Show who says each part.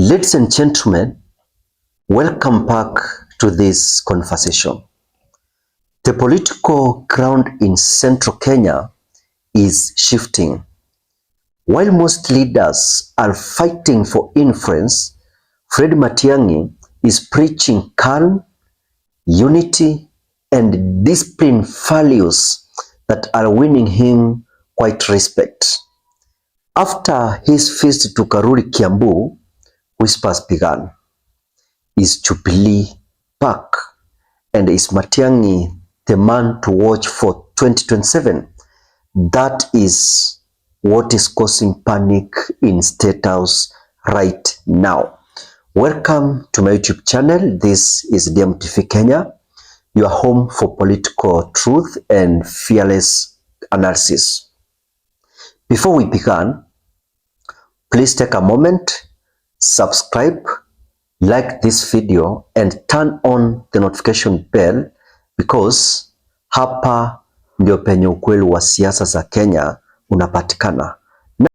Speaker 1: Ladies and gentlemen, welcome back to this conversation. The political ground in Central Kenya is shifting. While most leaders are fighting for influence, Fred Matiang'i is preaching calm, unity, and discipline values that are winning him quite respect. After his feast to Karuri Kiambu, whispers began. Is Jubilee back? And is Matiangi the man to watch for 2027? That is what is causing panic in State House right now. Welcome to my YouTube channel. This is DMTV Kenya, your home for political truth and fearless analysis. Before we begin, please take a moment subscribe, like this video and turn on the notification bell because
Speaker 2: hapa ndio penye ukweli wa siasa za Kenya unapatikana.